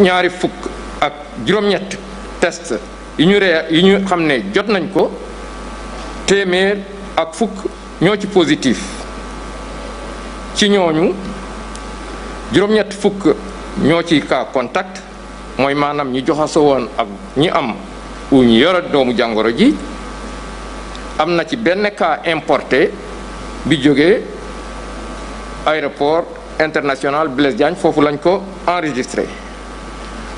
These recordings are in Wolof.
ñaari fukk ak juróom-ñett test yu ñu ree ñu xam ne jot nañ ko téeméer ak fukk ñoo ci positif ci ñooñu juróom-ñett fukk ñoo ci cas contact mooy maanaam ñi joxasoo woon ak ñi am u ñu yore doomu jàngoro ji am na ci benn cas importé bi jógee aéroport international Blaise Diagne foofu lañ ko enregistré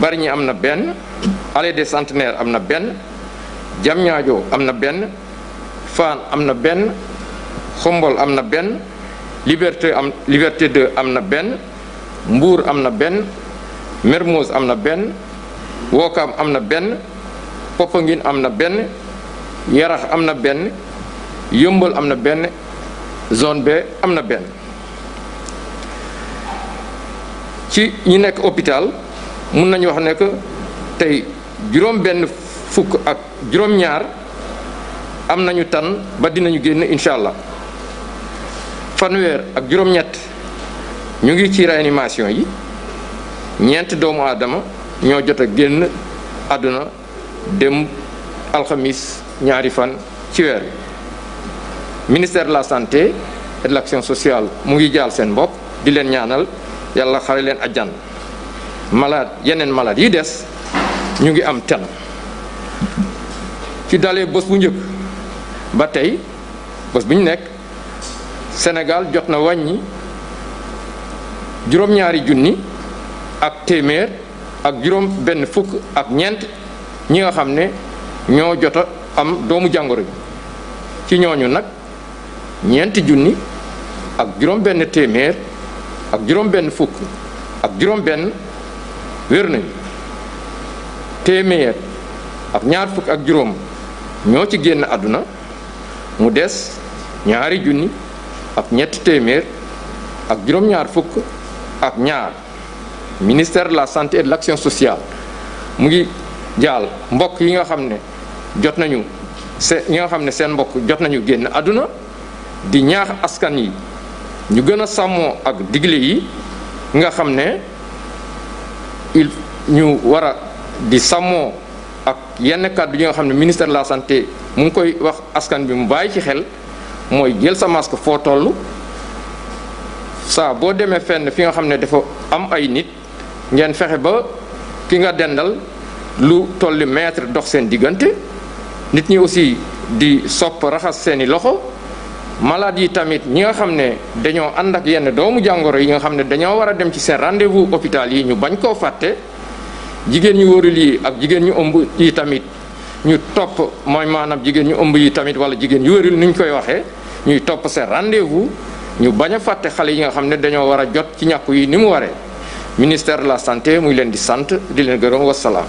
Bargny am na benn Allée des Centenaires am na benn Diamniadio am na benn Fann am na benn Xombol am na benn Liberté am Liberté 2 am na benn mbuur am na benn Mermoz am na benn Wokam am na benn Popenguine am na benn Yarax am na benn Yëmbal am na benn zone B am na benn ci ñi nekk hôpital mun nañu wax ne que tey juróom benn fukk ak juróom ñaar am nañu tan ba dinañu génn allah fanweer ak juróom ñett ñu ngi ci réanimation yi ñeent doomu aadama ñoo jot a génn àdduna dem alxamis ñaari fan ci weer bi ministère de la santé et de l'action sociale mu ngi jaal seen bopp di leen ñaanal yàlla xare leen ajjan malade yeneen malaat yi des ñu ngi am ten ci dalee bos bu njëkk ba tey bos bu ñu nekk senegal jot na wàññi juróom-ñaari junni ak téeméer ak juróom benn fukk ak ñeent ñi nga xam ne ñoo jot a am doomu jàngoro bi ci ñooñu nag ñeenti junni ak juróom benn téeméer ak juróom benn fukk ak juróom benn wér nañ téeméer ak ñaar fukk ak juróom ñoo ci génn àdduna mu des ñaari junni ak ñetti téeméer ak juróom-ñaar fukk ak ñaar ministère de la santé et de l'action sociale mu ngi jaal mbokk yi nga xam ne jot nañu seen yi nga xam ne seen mbokk jot nañu génn àdduna di ñaax askan yi ñu gën a sàmmoo ak digle yi nga xam ne il ñu wara a di sàmmoo ak yenn kàddu yi nga xam ne ministère de la santé mu ngi koy wax askan bi mu bàyyi ci xel mooy jël sa masque foo toll saa boo demee fenn fi nga xam dafa am ay nit ngeen fexe ba ki nga dendal lu tolli mètre dox seen diggante nit ñi aussi di sopp raxas seeni loxo malade yi tamit ñi nga xam ne dañoo ànd ak yenn doomu jàngoro yi nga xam ne dañoo war a dem ci seen rendez-vous hôpital yi ñu bañ koo fàtte jigéen ñu wóorul yi ak jigéen ñu ëmb yi tamit ñu topp mooy maanaam jigéen ñu ëmb yi tamit wala jigéen ñu wóorul ni koy waxee ñuy topp seen rendez ñu bañ a fàtte xale yi nga xam ne dañoo war a jot ci ñàkku yi ni mu waree ministère de la santé muy leen di sant di leen gërëm wasalaam.